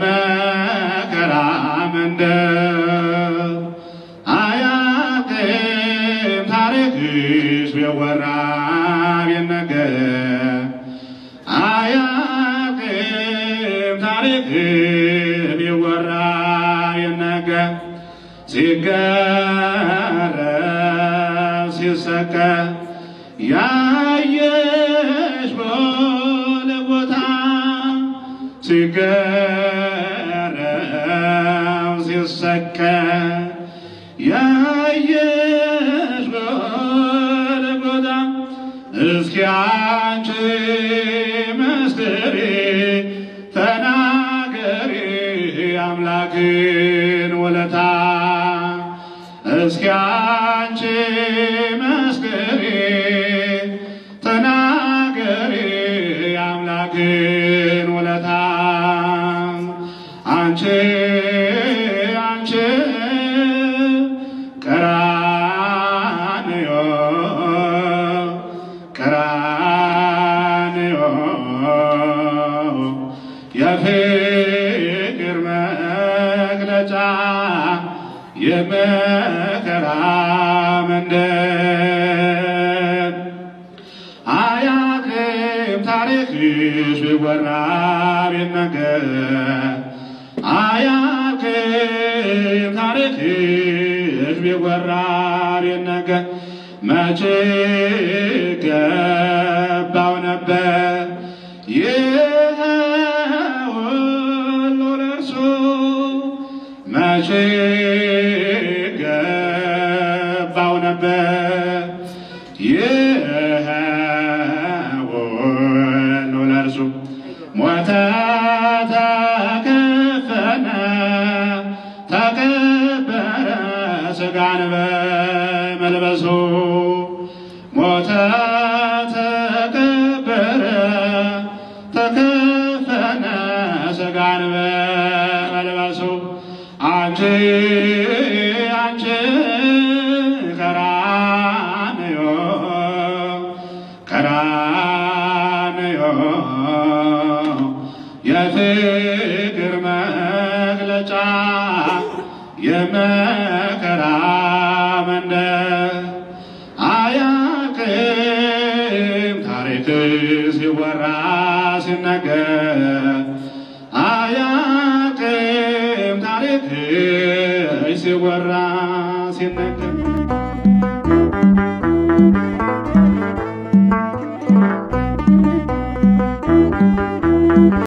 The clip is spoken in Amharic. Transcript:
መከራ መንደር አያቅም ታሪክሽ ቢወራ ቢነገር አያቅም ታሪክ ቢወራ ቢነገር ሲገረፍ ሲሰቀል ያየሽ ቦታ ሲገ ተሰከ ያየሽ ጎልጎታ እስኪ አንቺ ምስጢሬ ተናገሪ አምላክን ውለታ እስኪ አንቺ ተናገሪ አምላክን ውለታ አንቺ ቀራንዮ የፍቅር መግለጫ የመከራ መንደር አያቅም ታሪክሽ ቢወራ ቢነገር አያቅም ታሪክሽ ቢወራ ቢነገር I'm about a bed. መልበሱ ሞተ ተቀበረ ተከፈነ ሥጋን በመልበሱ አንቺ አንቺ ቀራንዮ ቀራንዮ የፍቅር መግለጫ የመከራ ሲወራ ሲነገር አያቅም ታሪክ ሲወራ ሲነገር